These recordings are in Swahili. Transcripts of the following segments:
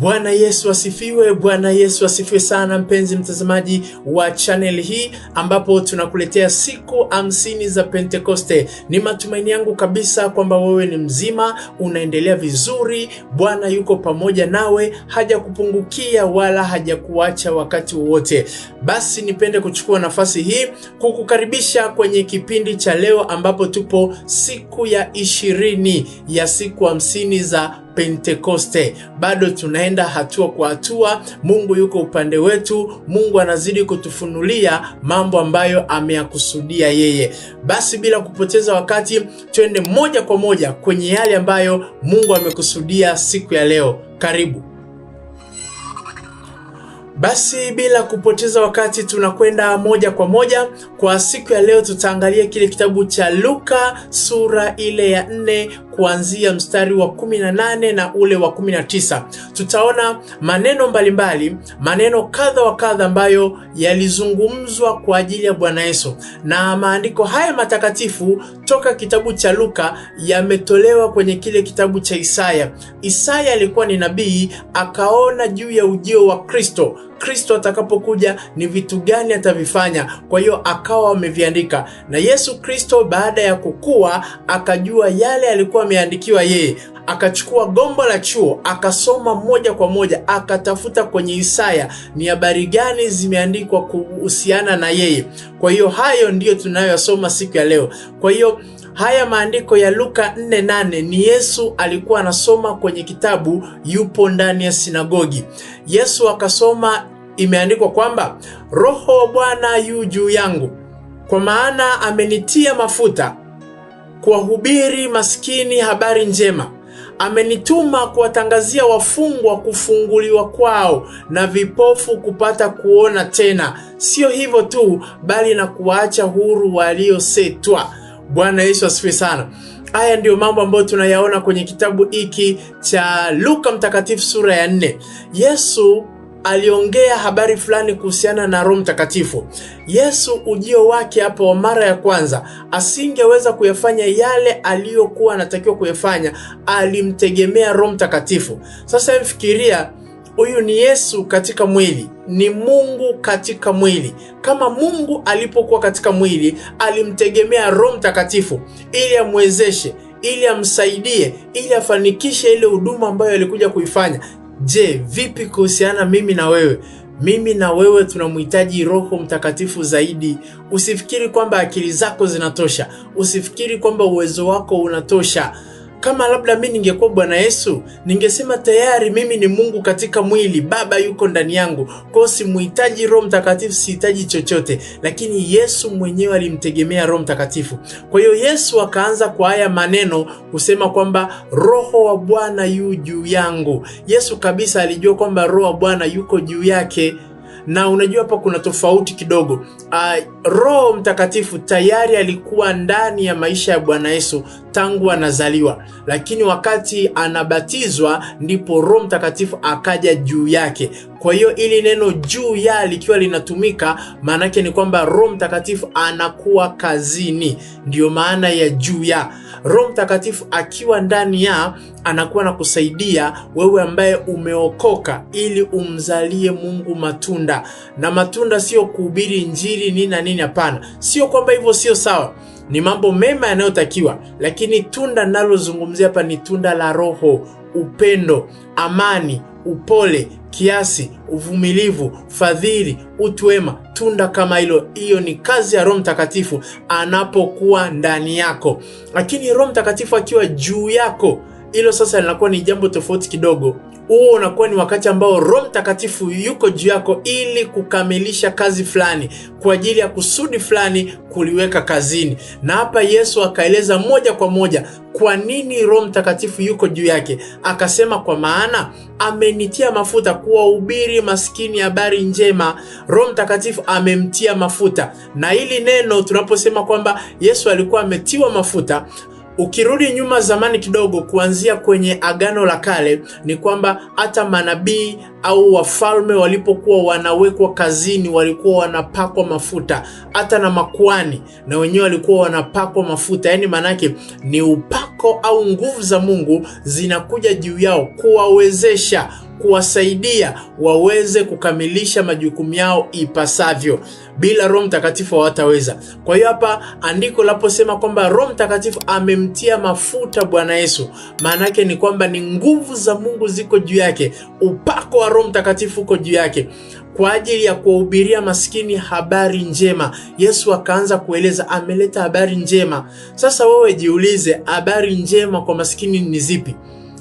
Bwana Yesu asifiwe. Bwana Yesu asifiwe sana, mpenzi mtazamaji wa chaneli hii, ambapo tunakuletea siku hamsini za Pentekoste. Ni matumaini yangu kabisa kwamba wewe ni mzima, unaendelea vizuri. Bwana yuko pamoja nawe, hajakupungukia wala hajakuacha wakati wowote. Basi nipende kuchukua nafasi hii kukukaribisha kwenye kipindi cha leo, ambapo tupo siku ya ishirini ya siku hamsini za Pentekoste. Bado tunaenda hatua kwa hatua. Mungu yuko upande wetu. Mungu anazidi kutufunulia mambo ambayo ameyakusudia yeye. Basi bila kupoteza wakati, twende moja kwa moja kwenye yale ambayo Mungu amekusudia siku ya leo. Karibu. Basi bila kupoteza wakati tunakwenda moja kwa moja kwa siku ya leo, tutaangalia kile kitabu cha Luka sura ile ya nne kuanzia mstari wa 18 na ule wa 19, tutaona maneno mbalimbali mbali, maneno kadha wa kadha ambayo yalizungumzwa kwa ajili ya Bwana Yesu, na maandiko haya matakatifu toka kitabu cha Luka yametolewa kwenye kile kitabu cha Isaya. Isaya alikuwa ni nabii, akaona juu ya ujio wa Kristo Kristo atakapokuja ni vitu gani atavifanya. Kwa hiyo akawa ameviandika, na Yesu Kristo baada ya kukua akajua yale alikuwa ameandikiwa yeye akachukua gombo la chuo akasoma moja kwa moja, akatafuta kwenye Isaya ni habari gani zimeandikwa kuhusiana na yeye. Kwa hiyo hayo ndiyo tunayosoma siku ya leo. Kwa hiyo haya maandiko ya Luka 4:8 ni Yesu alikuwa anasoma kwenye kitabu, yupo ndani ya sinagogi. Yesu akasoma imeandikwa kwamba Roho wa Bwana yu juu yangu, kwa maana amenitia mafuta kuwahubiri maskini habari njema, amenituma kuwatangazia wafungwa kufunguliwa kwao na vipofu kupata kuona tena, sio hivyo tu, bali na kuwaacha huru waliosetwa. Bwana Yesu asifi sana. Haya ndiyo mambo ambayo tunayaona kwenye kitabu hiki cha Luka Mtakatifu sura ya nne. Yesu aliongea habari fulani kuhusiana na Roho Mtakatifu. Yesu ujio wake hapo wa mara ya kwanza asingeweza kuyafanya yale aliyokuwa anatakiwa kuyafanya, alimtegemea Roho Mtakatifu. Sasa mfikiria huyu ni Yesu katika mwili, ni Mungu katika mwili. Kama Mungu alipokuwa katika mwili, alimtegemea Roho Mtakatifu ili amwezeshe, ili amsaidie, ili afanikishe ile huduma ambayo alikuja kuifanya. Je, vipi kuhusiana mimi na wewe? Mimi na wewe tunamhitaji Roho Mtakatifu zaidi. Usifikiri kwamba akili zako zinatosha, usifikiri kwamba uwezo wako unatosha. Kama labda mimi ningekuwa Bwana Yesu, ningesema tayari mimi ni Mungu katika mwili, Baba yuko ndani yangu, kwa simuhitaji Roho Mtakatifu, sihitaji chochote. Lakini Yesu mwenyewe alimtegemea Roho Mtakatifu. Kwa hiyo Yesu akaanza kwa haya maneno kusema kwamba Roho wa Bwana yu juu yangu. Yesu kabisa alijua kwamba Roho wa Bwana yuko juu yake na unajua hapa kuna tofauti kidogo. Uh, Roho Mtakatifu tayari alikuwa ndani ya maisha ya Bwana Yesu tangu anazaliwa, lakini wakati anabatizwa ndipo Roho Mtakatifu akaja juu yake. Kwa hiyo ili neno juu ya likiwa linatumika, maanake ni kwamba Roho Mtakatifu anakuwa kazini, ndiyo maana ya juu ya. Roho Mtakatifu akiwa ndani ya anakuwa na kusaidia wewe ambaye umeokoka ili umzalie Mungu matunda. Na matunda sio kuhubiri injili nini na nini, hapana. Sio kwamba hivyo sio sawa, ni mambo mema yanayotakiwa, lakini tunda nalozungumzia hapa ni tunda la Roho, upendo, amani upole, kiasi, uvumilivu, fadhili, utuema tunda kama hilo. Hiyo ni kazi ya Roho Mtakatifu anapokuwa ndani yako, lakini Roho Mtakatifu akiwa juu yako, hilo sasa linakuwa ni jambo tofauti kidogo huo unakuwa ni wakati ambao Roho Mtakatifu yuko juu yako ili kukamilisha kazi fulani, kwa ajili ya kusudi fulani kuliweka kazini. Na hapa Yesu akaeleza moja kwa moja kwa nini Roho Mtakatifu yuko juu yake. Akasema, kwa maana amenitia mafuta kuwahubiri maskini habari njema. Roho Mtakatifu amemtia mafuta, na hili neno tunaposema kwamba Yesu alikuwa ametiwa mafuta Ukirudi nyuma zamani kidogo, kuanzia kwenye Agano la Kale, ni kwamba hata manabii au wafalme walipokuwa wanawekwa kazini walikuwa wanapakwa mafuta, hata na makuani na wenyewe walikuwa wanapakwa mafuta. Yaani maanake ni upako au nguvu za Mungu zinakuja juu yao kuwawezesha kuwasaidia waweze kukamilisha majukumu yao ipasavyo. Bila Roho Mtakatifu hawataweza. Kwa hiyo hapa andiko laposema kwamba Roho Mtakatifu amemtia mafuta Bwana Yesu, maana yake ni kwamba ni nguvu za Mungu ziko juu yake, upako wa Roho Mtakatifu uko juu yake kwa ajili ya kuwahubiria maskini habari njema. Yesu akaanza kueleza, ameleta habari njema. Sasa wewe jiulize, habari njema kwa maskini ni zipi?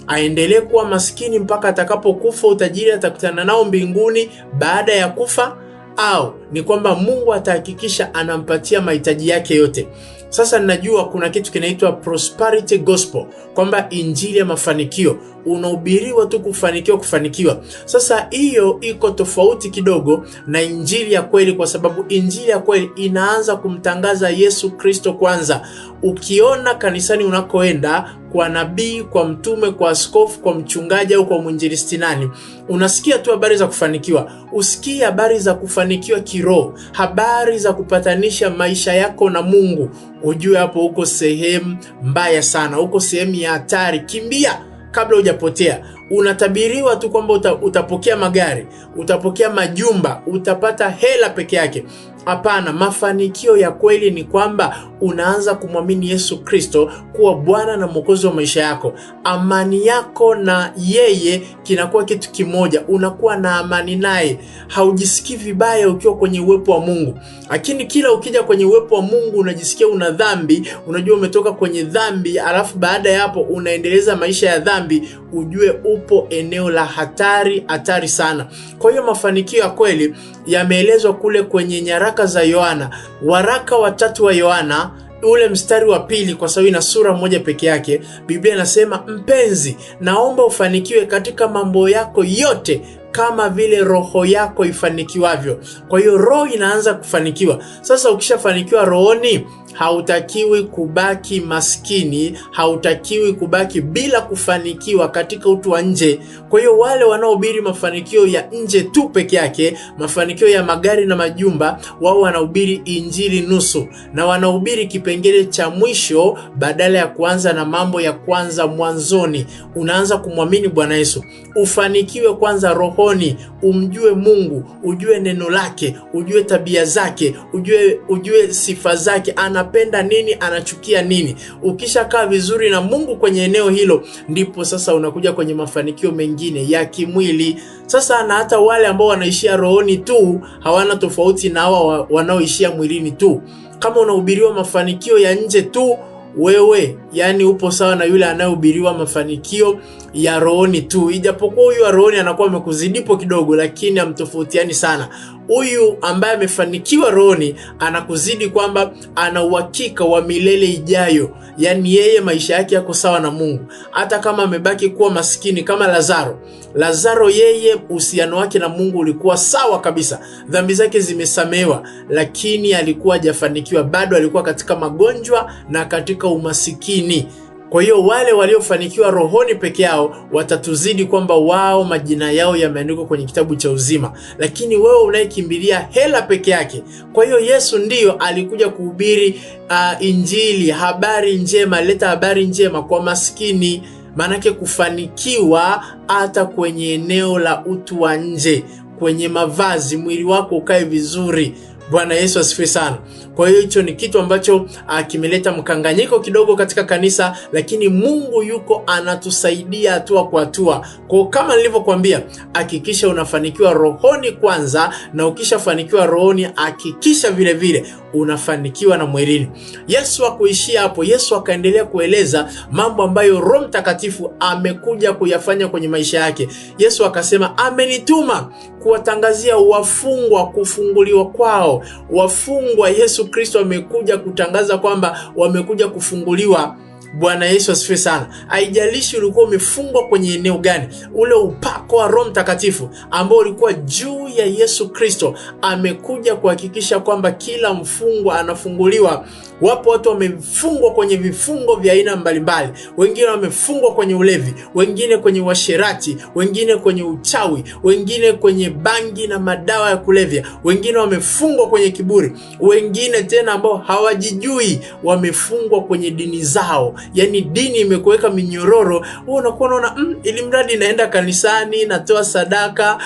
aendelee kuwa maskini mpaka atakapokufa, utajiri atakutana nao mbinguni baada ya kufa, au ni kwamba Mungu atahakikisha anampatia mahitaji yake yote. Sasa ninajua kuna kitu kinaitwa prosperity gospel, kwamba injili ya mafanikio unahubiriwa tu kufanikiwa, kufanikiwa. Sasa hiyo iko tofauti kidogo na injili ya kweli, kwa sababu injili ya kweli inaanza kumtangaza Yesu Kristo kwanza. Ukiona kanisani unakoenda kwa nabii, kwa mtume, kwa askofu, kwa mchungaji au kwa mwinjilisti nani. Unasikia tu habari za kufanikiwa, usikii habari za kufanikiwa kiroho, habari za kupatanisha maisha yako na Mungu, ujue hapo uko sehemu mbaya sana, uko sehemu ya hatari. Kimbia kabla hujapotea. Unatabiriwa tu kwamba utapokea magari, utapokea majumba, utapata hela peke yake. Hapana, mafanikio ya kweli ni kwamba unaanza kumwamini Yesu Kristo kuwa Bwana na Mwokozi wa maisha yako. Amani yako na yeye kinakuwa kitu kimoja, unakuwa na amani naye, haujisikii vibaya ukiwa kwenye uwepo wa Mungu. Lakini kila ukija kwenye uwepo wa Mungu unajisikia una dhambi, unajua umetoka kwenye dhambi, alafu baada ya hapo unaendeleza maisha ya dhambi, ujue upo eneo la hatari, hatari sana. Kwa hiyo mafanikio ya kweli yameelezwa kule kwenye nyaraka za Yohana, waraka watatu wa Yohana ule mstari wa pili, kwa sababu ina sura moja peke yake. Biblia inasema mpenzi, naomba ufanikiwe katika mambo yako yote kama vile roho yako ifanikiwavyo. Kwa hiyo roho inaanza kufanikiwa sasa. Ukishafanikiwa rohoni hautakiwi kubaki maskini, hautakiwi kubaki bila kufanikiwa katika utu wa nje. Kwa hiyo wale wanaohubiri mafanikio ya nje tu peke yake, mafanikio ya magari na majumba, wao wanahubiri injili nusu, na wanahubiri kipengele cha mwisho badala ya kuanza na mambo ya kwanza mwanzoni. Unaanza kumwamini Bwana Yesu, ufanikiwe kwanza rohoni, umjue Mungu, ujue neno lake, ujue tabia zake, ujue, ujue sifa zake ana anapenda nini, anachukia nini. Ukishakaa vizuri na Mungu kwenye eneo hilo, ndipo sasa unakuja kwenye mafanikio mengine ya kimwili. Sasa na hata wale ambao wanaishia rohoni tu hawana tofauti na hawa wanaoishia mwilini tu. Kama unahubiriwa mafanikio ya nje tu, wewe yani upo sawa na yule anayehubiriwa mafanikio ya rohoni tu, ijapokuwa huyu aroni anakuwa amekuzidipo kidogo, lakini amtofautiani sana. Huyu ambaye amefanikiwa rooni anakuzidi kwamba ana uhakika wa milele ijayo, yaani yeye maisha yake yako sawa na Mungu, hata kama amebaki kuwa maskini kama Lazaro. Lazaro yeye uhusiano wake na Mungu ulikuwa sawa kabisa, dhambi zake zimesamewa lakini alikuwa hajafanikiwa bado, alikuwa katika magonjwa na katika umasikini. Kwa hiyo wale waliofanikiwa rohoni peke yao watatuzidi kwamba wao majina yao yameandikwa kwenye kitabu cha uzima, lakini wewe unayekimbilia hela peke yake. Kwa hiyo Yesu ndiyo alikuja kuhubiri uh, Injili, habari njema, leta habari njema kwa maskini. Maanake kufanikiwa hata kwenye eneo la utu wa nje, kwenye mavazi, mwili wako ukae vizuri. Bwana Yesu asifiwe sana. Kwa hiyo hicho ni kitu ambacho ah, kimeleta mkanganyiko kidogo katika kanisa, lakini Mungu yuko anatusaidia hatua kwa hatua. Kwa kama nilivyokuambia, hakikisha unafanikiwa rohoni kwanza, na ukishafanikiwa rohoni, hakikisha vile vile unafanikiwa na mwilini. Yesu akuishia hapo. Yesu akaendelea kueleza mambo ambayo Roho Mtakatifu amekuja kuyafanya kwenye maisha yake. Yesu akasema, amenituma kuwatangazia wafungwa kufunguliwa kwao. Wafungwa Yesu Kristo amekuja kutangaza kwamba wamekuja kufunguliwa Bwana Yesu asifiwe sana. Haijalishi ulikuwa umefungwa kwenye eneo gani, ule upako wa Roho Mtakatifu ambao ulikuwa juu ya Yesu Kristo amekuja kuhakikisha kwamba kila mfungwa anafunguliwa. Wapo watu wamefungwa kwenye vifungo vya aina mbalimbali, wengine wamefungwa kwenye ulevi, wengine kwenye uasherati, wengine kwenye uchawi, wengine kwenye bangi na madawa ya kulevya, wengine wamefungwa kwenye kiburi, wengine tena ambao hawajijui wamefungwa kwenye dini zao yani dini imekuweka minyororo, wewe unakuwa unaona mm, ili mradi naenda kanisani, natoa sadaka,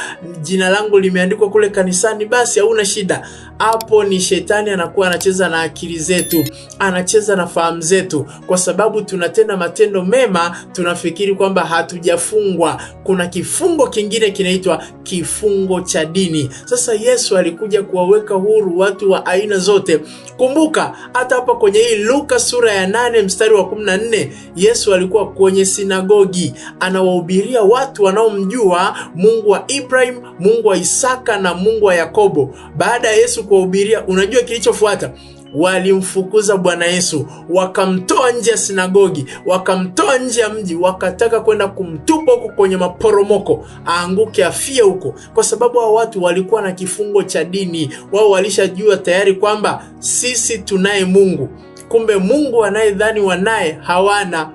jina langu limeandikwa kule kanisani, basi hauna shida. Hapo ni shetani anakuwa anacheza na akili zetu, anacheza na fahamu zetu, kwa sababu tunatenda matendo mema, tunafikiri kwamba hatujafungwa. Kuna kifungo kingine kinaitwa kifungo cha dini. Sasa Yesu alikuja kuwaweka huru watu wa aina zote. Kumbuka hata hapa kwenye hii Luka sura ya 8 mstari wa 14 Yesu alikuwa kwenye sinagogi anawahubiria watu wanaomjua Mungu wa Ibrahim, Mungu wa Isaka na Mungu wa Yakobo. Baada ya Yesu kuwahubiria, unajua kilichofuata Walimfukuza Bwana Yesu, wakamtoa nje ya sinagogi, wakamtoa nje ya mji, wakataka kwenda kumtupa huko kwenye maporomoko, aanguke afie huko, kwa sababu hao watu walikuwa na kifungo cha dini. Wao walishajua tayari kwamba sisi tunaye Mungu kumbe Mungu anayedhani wanaye hawana.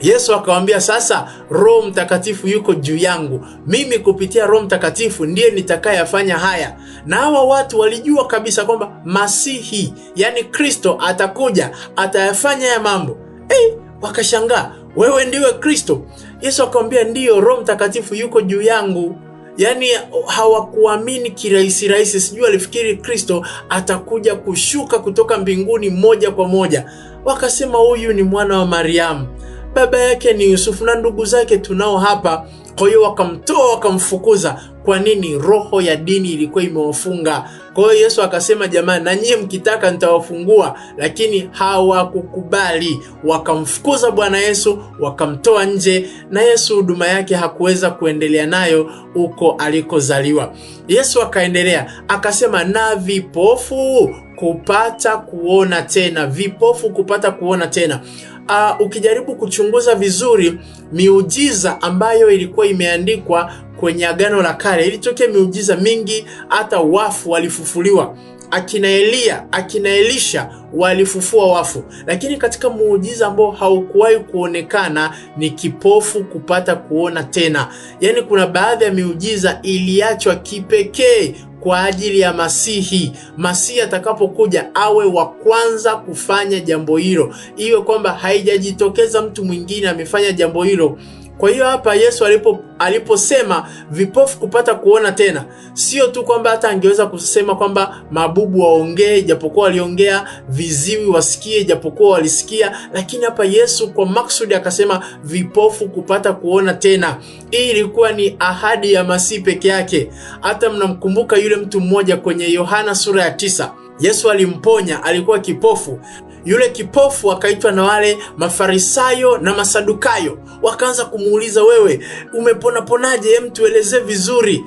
Yesu akawaambia sasa, Roho Mtakatifu yuko juu yangu, mimi kupitia Roho Mtakatifu ndiye nitakayafanya haya. Na hawa watu walijua kabisa kwamba Masihi, yani Kristo, atakuja atayafanya haya mambo. Hey, wakashangaa, wewe ndiwe Kristo? Yesu akamwambia ndiyo, Roho Mtakatifu yuko juu yangu yani hawakuamini kirahisi rahisi, sijui alifikiri Kristo atakuja kushuka kutoka mbinguni moja kwa moja. Wakasema huyu ni mwana wa Mariamu, baba yake ni Yusufu na ndugu zake tunao hapa kwa hiyo wakamtoa, wakamfukuza. Kwa nini? Roho ya dini ilikuwa imewafunga. Kwa hiyo Yesu akasema, jamani, na nyie mkitaka nitawafungua, lakini hawakukubali. Wakamfukuza Bwana Yesu, wakamtoa nje, na Yesu huduma yake hakuweza kuendelea nayo huko alikozaliwa. Yesu akaendelea akasema, na vipofu kupata kuona tena, vipofu kupata kuona tena uh, ukijaribu kuchunguza vizuri miujiza ambayo ilikuwa imeandikwa kwenye Agano la Kale, ilitokea miujiza mingi, hata wafu walifufuliwa akina elia akina Elisha walifufua wafu, lakini katika muujiza ambao haukuwahi kuonekana ni kipofu kupata kuona tena. Yaani, kuna baadhi ya miujiza iliachwa kipekee kwa ajili ya Masihi. Masihi atakapokuja awe wa kwanza kufanya jambo hilo, iwe kwamba haijajitokeza mtu mwingine amefanya jambo hilo kwa hiyo hapa Yesu alipo aliposema vipofu kupata kuona tena, sio tu kwamba hata angeweza kusema kwamba mabubu waongee, japokuwa waliongea, viziwi wasikie, japokuwa walisikia, lakini hapa Yesu kwa maksudi akasema vipofu kupata kuona tena. Hii ilikuwa ni ahadi ya Masihi peke yake. Hata mnamkumbuka yule mtu mmoja kwenye Yohana sura ya tisa, Yesu alimponya, alikuwa kipofu yule kipofu akaitwa na wale Mafarisayo na Masadukayo, wakaanza kumuuliza, wewe umeponaponaje? Hem, tuelezee vizuri.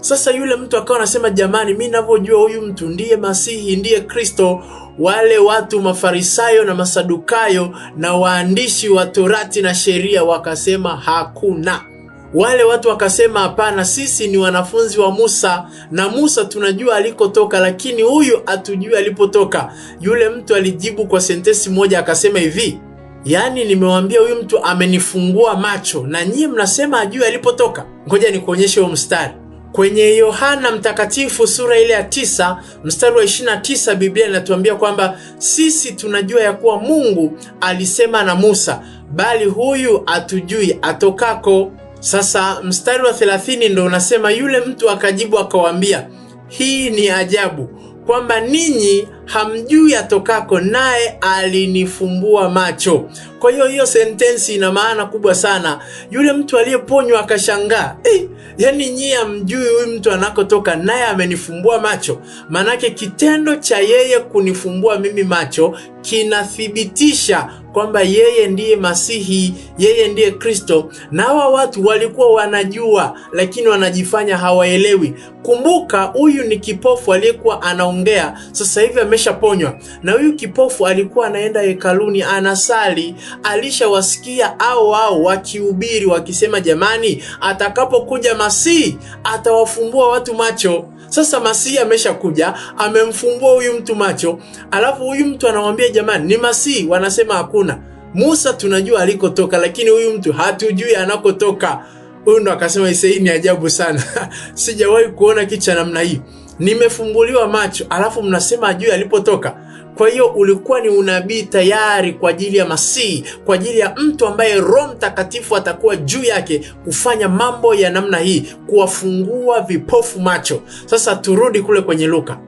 Sasa yule mtu akawa anasema, jamani, mimi ninavyojua huyu mtu ndiye Masihi, ndiye Kristo. Wale watu Mafarisayo na Masadukayo na waandishi wa Torati na sheria wakasema hakuna wale watu wakasema, hapana, sisi ni wanafunzi wa Musa na Musa tunajua alikotoka, lakini huyu hatujui alipotoka. Yule mtu alijibu kwa sentesi moja akasema hivi, yaani nimewambia huyu mtu amenifungua macho na nyie mnasema ajui alipotoka. Ngoja nikuonyeshe huo mstari kwenye Yohana Mtakatifu sura ile ya tisa mstari wa 29, Biblia inatuambia kwamba sisi tunajua ya kuwa Mungu alisema na Musa, bali huyu hatujui atokako. Sasa mstari wa 30 ndo unasema, yule mtu akajibu akawambia, hii ni ajabu kwamba ninyi hamjui atokako, naye alinifumbua macho. Kwa hiyo hiyo sentensi ina maana kubwa sana. Yule mtu aliyeponywa akashangaa, eh, yani nyie hamjui huyu mtu anakotoka, naye amenifumbua macho. Maanake kitendo cha yeye kunifumbua mimi macho kinathibitisha kwamba yeye ndiye Masihi, yeye ndiye Kristo, na hawa watu walikuwa wanajua, lakini wanajifanya hawaelewi. Kumbuka, huyu ni kipofu aliyekuwa anaongea sasa hivi ameshaponywa. Na huyu kipofu alikuwa anaenda hekaluni anasali, alishawasikia au au wakihubiri wakisema, jamani, atakapokuja masii atawafumbua watu macho. Sasa masii ameshakuja amemfumbua huyu mtu macho, alafu huyu mtu anamwambia jamani, ni masii Wanasema hakuna. Musa tunajua alikotoka, lakini huyu mtu hatujui anakotoka. Huyu ndo akasema, hii ni ajabu sana sijawahi kuona kitu cha namna hii nimefumbuliwa macho, alafu mnasema ajui alipotoka. Kwa hiyo ulikuwa ni unabii tayari kwa ajili ya Masihi, kwa ajili ya mtu ambaye Roho Mtakatifu atakuwa juu yake kufanya mambo ya namna hii, kuwafungua vipofu macho. Sasa turudi kule kwenye Luka.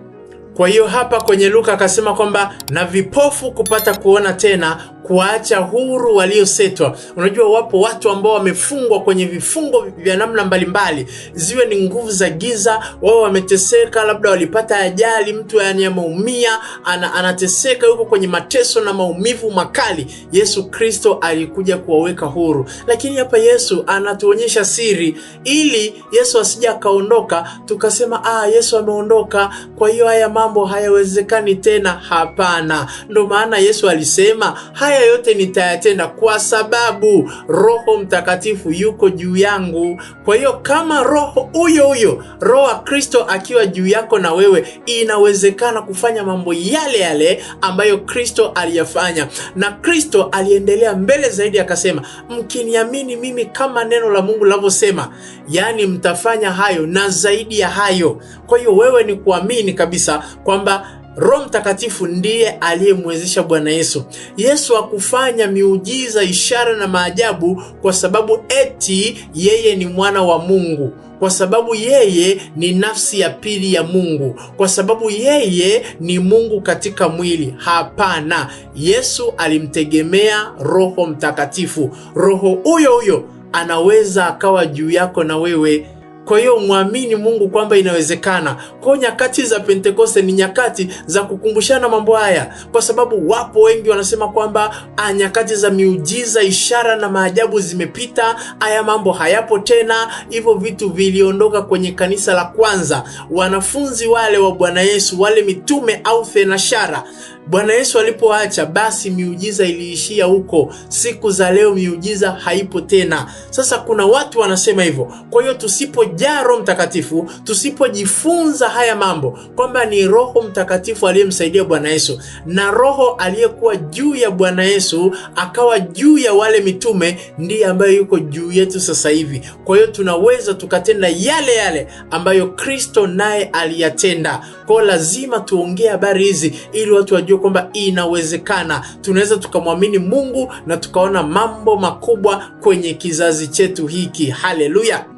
Kwa hiyo hapa kwenye Luka akasema kwamba na vipofu kupata kuona tena, kuwaacha huru waliosetwa. Unajua, wapo watu ambao wamefungwa kwenye vifungo vya namna mbalimbali, ziwe ni nguvu za giza, wao wameteseka, labda walipata ajali, mtu yani ameumia, ana, anateseka, yuko kwenye mateso na maumivu makali. Yesu Kristo alikuja kuwaweka huru, lakini hapa Yesu anatuonyesha siri, ili Yesu asija akaondoka tukasema, ah, Yesu ameondoka, kwa hiyo haya mambo hayawezekani tena. Hapana, ndo maana Yesu alisema haya haya yote nitayatenda kwa sababu Roho Mtakatifu yuko juu yangu. Kwa hiyo kama roho huyo huyo, Roho wa Kristo akiwa juu yako na wewe, inawezekana kufanya mambo yale yale ambayo Kristo aliyafanya. Na Kristo aliendelea mbele zaidi akasema, mkiniamini mimi kama neno la Mungu linavyosema, yaani mtafanya hayo na zaidi ya hayo. Kwa hiyo wewe ni kuamini kabisa kwamba Roho Mtakatifu ndiye aliyemwezesha Bwana Yesu. Yesu hakufanya miujiza, ishara na maajabu kwa sababu eti yeye ni mwana wa Mungu, kwa sababu yeye ni nafsi ya pili ya Mungu, kwa sababu yeye ni Mungu katika mwili. Hapana, Yesu alimtegemea Roho Mtakatifu. Roho huyo huyo anaweza akawa juu yako na wewe kwa hiyo mwamini Mungu kwamba inawezekana. Kwa nyakati za Pentekoste ni nyakati za kukumbushana mambo haya, kwa sababu wapo wengi wanasema kwamba ah, nyakati za miujiza, ishara na maajabu zimepita, haya mambo hayapo tena, hivyo vitu viliondoka kwenye kanisa la kwanza. Wanafunzi wale wa Bwana Yesu, wale mitume au thenashara Bwana Yesu alipoacha basi miujiza iliishia huko. Siku za leo miujiza haipo tena. Sasa kuna watu wanasema hivyo. Kwa hiyo tusipo tusipojaa Roho Mtakatifu, tusipojifunza haya mambo kwamba ni Roho Mtakatifu aliyemsaidia Bwana Yesu na Roho aliyekuwa juu ya Bwana Yesu akawa juu ya wale mitume, ndiye ambayo yuko juu yetu sasa hivi. Kwa hiyo tunaweza tukatenda yale yale ambayo Kristo naye aliyatenda. kwao lazima tuongee habari hizi ili watu wajue kwamba inawezekana, tunaweza tukamwamini Mungu na tukaona mambo makubwa kwenye kizazi chetu hiki. Haleluya!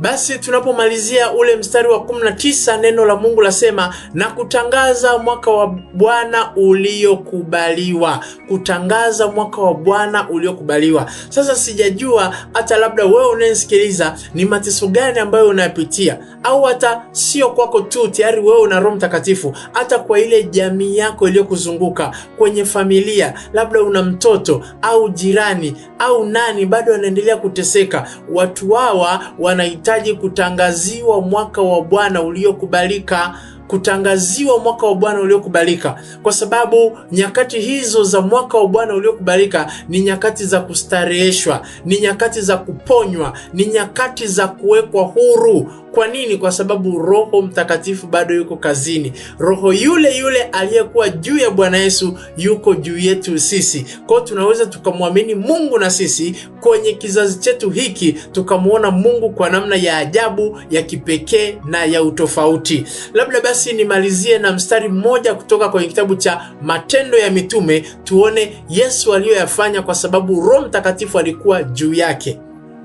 Basi tunapomalizia ule mstari wa 19 neno la Mungu lasema, na kutangaza mwaka wa Bwana uliokubaliwa. Kutangaza mwaka wa Bwana uliokubaliwa. Sasa sijajua hata labda wewe unayesikiliza ni mateso gani ambayo unayapitia, au hata sio kwako tu, tayari wewe una Roho Mtakatifu, hata kwa ile jamii yako iliyokuzunguka, kwenye familia, labda una mtoto au jirani au nani bado anaendelea kuteseka. Watu hawa wana unahitaji kutangaziwa mwaka wa Bwana uliokubalika kutangaziwa mwaka wa Bwana uliokubalika, kwa sababu nyakati hizo za mwaka wa Bwana uliokubalika ni nyakati za kustareheshwa, ni nyakati za kuponywa, ni nyakati za kuwekwa huru. Kwa nini? Kwa sababu Roho Mtakatifu bado yuko kazini. Roho yule yule aliyekuwa juu ya Bwana Yesu yuko juu yetu sisi. Kwa tunaweza tukamwamini Mungu na sisi kwenye kizazi chetu hiki tukamwona Mungu kwa namna ya ajabu, ya kipekee na ya utofauti. Labda basi nimalizie na mstari mmoja kutoka kwenye kitabu cha Matendo ya Mitume, tuone Yesu aliyoyafanya kwa sababu Roho Mtakatifu alikuwa juu yake.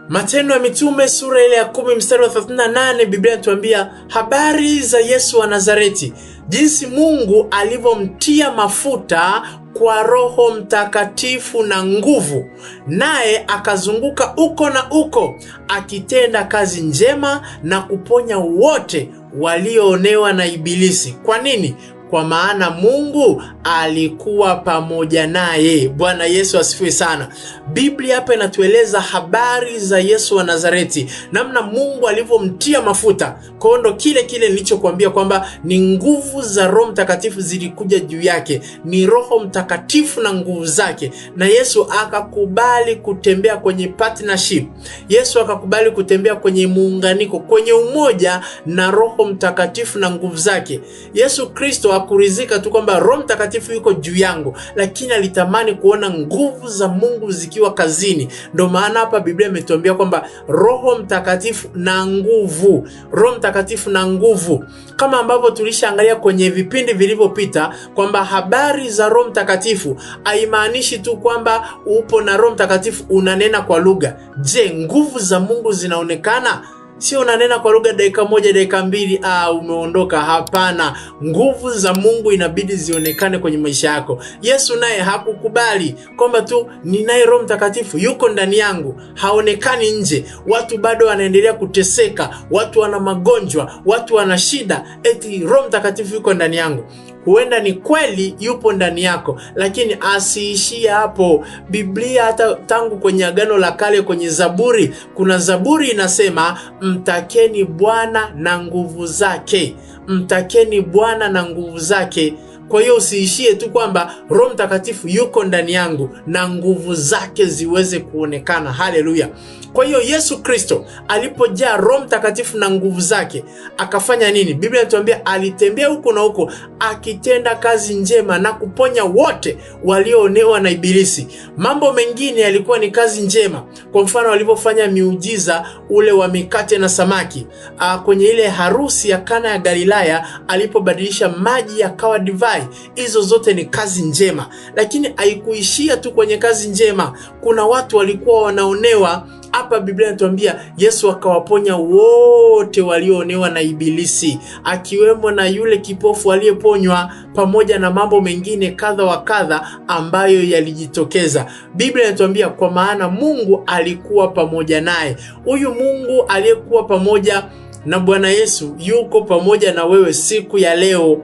Matendo ya Mitume sura ile ya kumi mstari wa 38, Biblia inatuambia habari za Yesu wa Nazareti, jinsi Mungu alivyomtia mafuta kwa Roho Mtakatifu na nguvu, naye akazunguka uko na uko akitenda kazi njema na kuponya wote walioonewa na Ibilisi. Kwa nini? kwa maana Mungu alikuwa pamoja naye. Bwana Yesu asifiwe sana. Biblia hapa inatueleza habari za Yesu wa Nazareti, namna Mungu alivyomtia mafuta. Kwa hiyo ndo kile kile nilichokuambia kwamba ni nguvu za Roho Mtakatifu zilikuja juu yake, ni Roho Mtakatifu na nguvu zake, na Yesu akakubali kutembea kwenye partnership. Yesu akakubali kutembea kwenye muunganiko, kwenye umoja na Roho Mtakatifu na nguvu zake. Yesu Kristo hakurizika tu kwamba Roho Mtakatifu yuko juu yangu, lakini alitamani kuona nguvu za Mungu zikiwa kazini. Ndio maana hapa Biblia imetuambia kwamba Roho Mtakatifu na nguvu, Roho Mtakatifu na nguvu, kama ambavyo tulishaangalia kwenye vipindi vilivyopita kwamba habari za Roho Mtakatifu haimaanishi tu kwamba upo na Roho Mtakatifu unanena kwa lugha. Je, nguvu za Mungu zinaonekana? sio unanena kwa lugha dakika moja dakika mbili, ah, umeondoka. Hapana, nguvu za Mungu inabidi zionekane kwenye maisha yako. Yesu naye hakukubali kwamba tu ninaye Roho Mtakatifu yuko ndani yangu, haonekani nje. Watu bado wanaendelea kuteseka, watu wana magonjwa, watu wana shida, eti Roho Mtakatifu yuko ndani yangu huenda ni kweli yupo ndani yako, lakini asiishie hapo. Biblia hata tangu kwenye Agano la Kale, kwenye Zaburi, kuna Zaburi inasema mtakeni Bwana na nguvu zake, mtakeni Bwana na nguvu zake. Kwa hiyo usiishie tu kwamba Roho Mtakatifu yuko ndani yangu na nguvu zake ziweze kuonekana. Haleluya! Kwa hiyo Yesu Kristo alipojaa Roho Mtakatifu na nguvu zake akafanya nini? Biblia inatuambia alitembea huko na huko akitenda kazi njema na kuponya wote walioonewa na Ibilisi. Mambo mengine yalikuwa ni kazi njema, kwa mfano alivyofanya miujiza ule wa mikate na samaki a, ah, kwenye ile harusi ya Kana ya Galilaya alipobadilisha maji yakawa divai. Hizo zote ni kazi njema, lakini haikuishia tu kwenye kazi njema. Kuna watu walikuwa wanaonewa hapa Biblia inatuambia Yesu akawaponya wote walioonewa na Ibilisi, akiwemo na yule kipofu aliyeponywa, pamoja na mambo mengine kadha wa kadha ambayo yalijitokeza. Biblia inatuambia kwa maana Mungu alikuwa pamoja naye. Huyu Mungu aliyekuwa pamoja na Bwana Yesu yuko pamoja na wewe siku ya leo.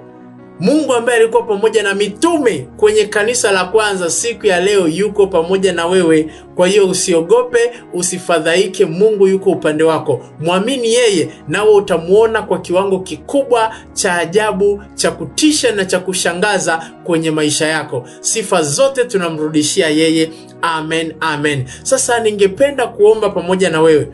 Mungu ambaye alikuwa pamoja na mitume kwenye kanisa la kwanza siku ya leo yuko pamoja na wewe. Kwa hiyo usiogope, usifadhaike, Mungu yuko upande wako. Mwamini yeye nawe utamwona kwa kiwango kikubwa cha ajabu, cha kutisha na cha kushangaza kwenye maisha yako. Sifa zote tunamrudishia yeye. Amen, amen. Sasa ningependa kuomba pamoja na wewe.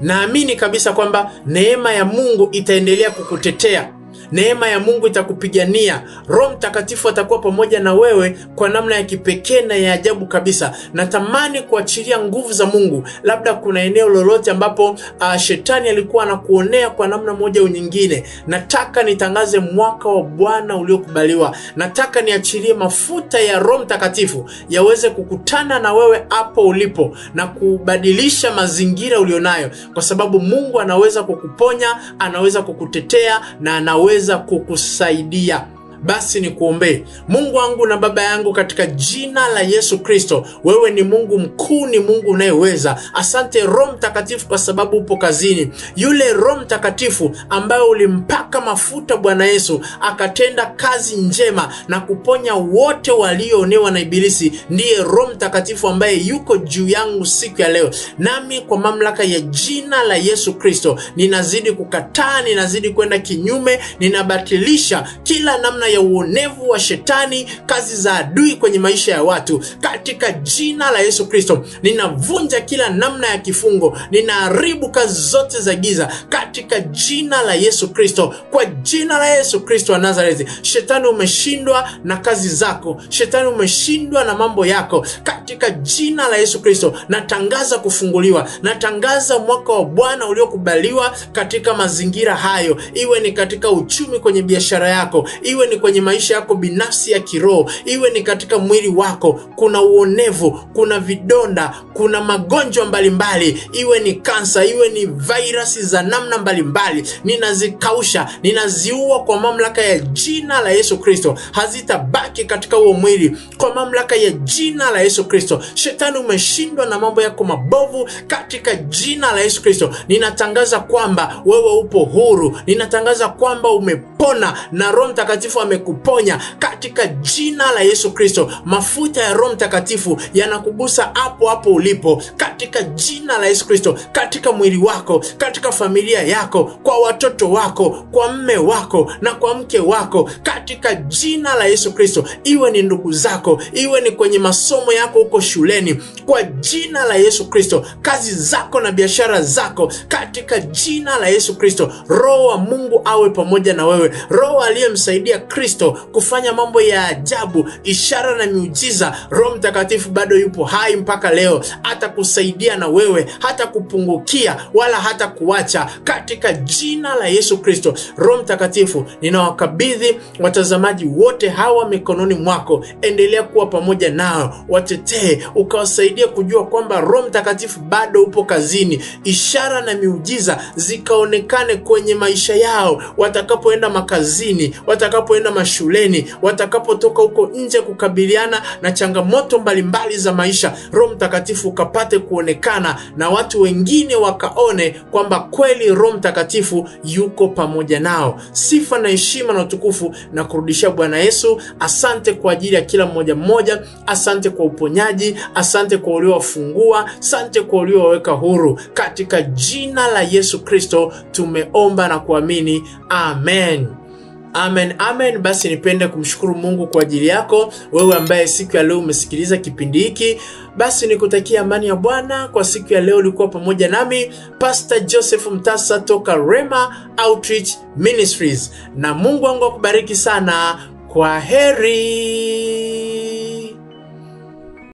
Naamini kabisa kwamba neema ya Mungu itaendelea kukutetea Neema ya Mungu itakupigania. Roho Mtakatifu atakuwa pamoja na wewe kwa namna ya kipekee na ya ajabu kabisa. Natamani kuachilia nguvu za Mungu. Labda kuna eneo lolote ambapo uh, shetani alikuwa anakuonea kwa namna moja au nyingine. Nataka nitangaze mwaka wa Bwana uliokubaliwa. Nataka niachilie mafuta ya Roho Mtakatifu yaweze kukutana na wewe hapo ulipo na kubadilisha mazingira ulionayo, kwa sababu Mungu anaweza kukuponya, anaweza kukutetea na anaweza anaweza kukusaidia basi nikuombee. Mungu wangu na Baba yangu, katika jina la Yesu Kristo, wewe ni Mungu mkuu, ni Mungu unayeweza. Asante Roho Mtakatifu kwa sababu upo kazini. Yule Roho Mtakatifu ambaye ulimpaka mafuta Bwana Yesu akatenda kazi njema na kuponya wote walioonewa na Ibilisi, ndiye Roho Mtakatifu ambaye yuko juu yangu siku ya leo. Nami kwa mamlaka ya jina la Yesu Kristo ninazidi kukataa, ninazidi kwenda kinyume, ninabatilisha kila namna ya ya uonevu wa shetani, kazi za adui kwenye maisha ya watu. Katika jina la Yesu Kristo, ninavunja kila namna ya kifungo, ninaharibu kazi zote za giza katika jina la Yesu Kristo, kwa jina la Yesu Kristo wa Nazareti. Shetani umeshindwa na kazi zako, shetani umeshindwa na mambo yako katika jina la Yesu Kristo. Natangaza kufunguliwa, natangaza mwaka wa Bwana uliokubaliwa katika mazingira hayo, iwe ni katika uchumi, kwenye biashara yako, iwe ni ni kwenye maisha yako binafsi ya kiroho, iwe ni katika mwili wako, kuna uonevu, kuna vidonda, kuna magonjwa mbalimbali, iwe ni kansa, iwe ni vairasi za namna mbalimbali, ninazikausha, ninaziua kwa mamlaka ya jina la Yesu Kristo. Hazitabaki katika huo mwili kwa mamlaka ya jina la Yesu Kristo. Shetani, umeshindwa na mambo yako mabovu katika jina la Yesu Kristo. Ninatangaza kwamba wewe upo huru, ninatangaza kwamba ume amekupona na Roho Mtakatifu amekuponya katika jina la Yesu Kristo. Mafuta ya Roho Mtakatifu yanakugusa hapo hapo ulipo katika jina la Yesu Kristo, katika mwili wako, katika familia yako, kwa watoto wako, kwa mme wako na kwa mke wako, katika jina la Yesu Kristo, iwe ni ndugu zako, iwe ni kwenye masomo yako huko shuleni, kwa jina la Yesu Kristo, kazi zako na biashara zako, katika jina la Yesu Kristo, Roho wa Mungu awe pamoja na wewe mwenyewe, Roho aliyemsaidia Kristo kufanya mambo ya ajabu, ishara na miujiza. Roho Mtakatifu bado yupo hai mpaka leo, hata kusaidia na wewe, hata kupungukia wala hata kuacha, katika jina la Yesu Kristo. Roho Mtakatifu, ninawakabidhi watazamaji wote hawa mikononi mwako, endelea kuwa pamoja nao, watetee, ukawasaidia kujua kwamba Roho Mtakatifu bado upo kazini, ishara na miujiza zikaonekane kwenye maisha yao watakapoenda makazini, watakapoenda mashuleni, watakapotoka huko nje kukabiliana na changamoto mbalimbali za maisha, Roho Mtakatifu ukapate kuonekana na watu wengine wakaone kwamba kweli Roho Mtakatifu yuko pamoja nao. Sifa na heshima na utukufu na kurudishia Bwana Yesu. Asante kwa ajili ya kila mmoja mmoja, asante kwa uponyaji, asante kwa uliowafungua, asante kwa uliowaweka huru. Katika jina la Yesu Kristo tumeomba na kuamini, amen. Amen, amen. Basi nipende kumshukuru Mungu kwa ajili yako wewe ambaye siku ya leo umesikiliza kipindi hiki. Basi nikutakia amani ya Bwana kwa siku ya leo. Ulikuwa pamoja nami Pastor Joseph Mtasa toka Rema Outreach Ministries, na Mungu wangu akubariki sana. Kwa heri.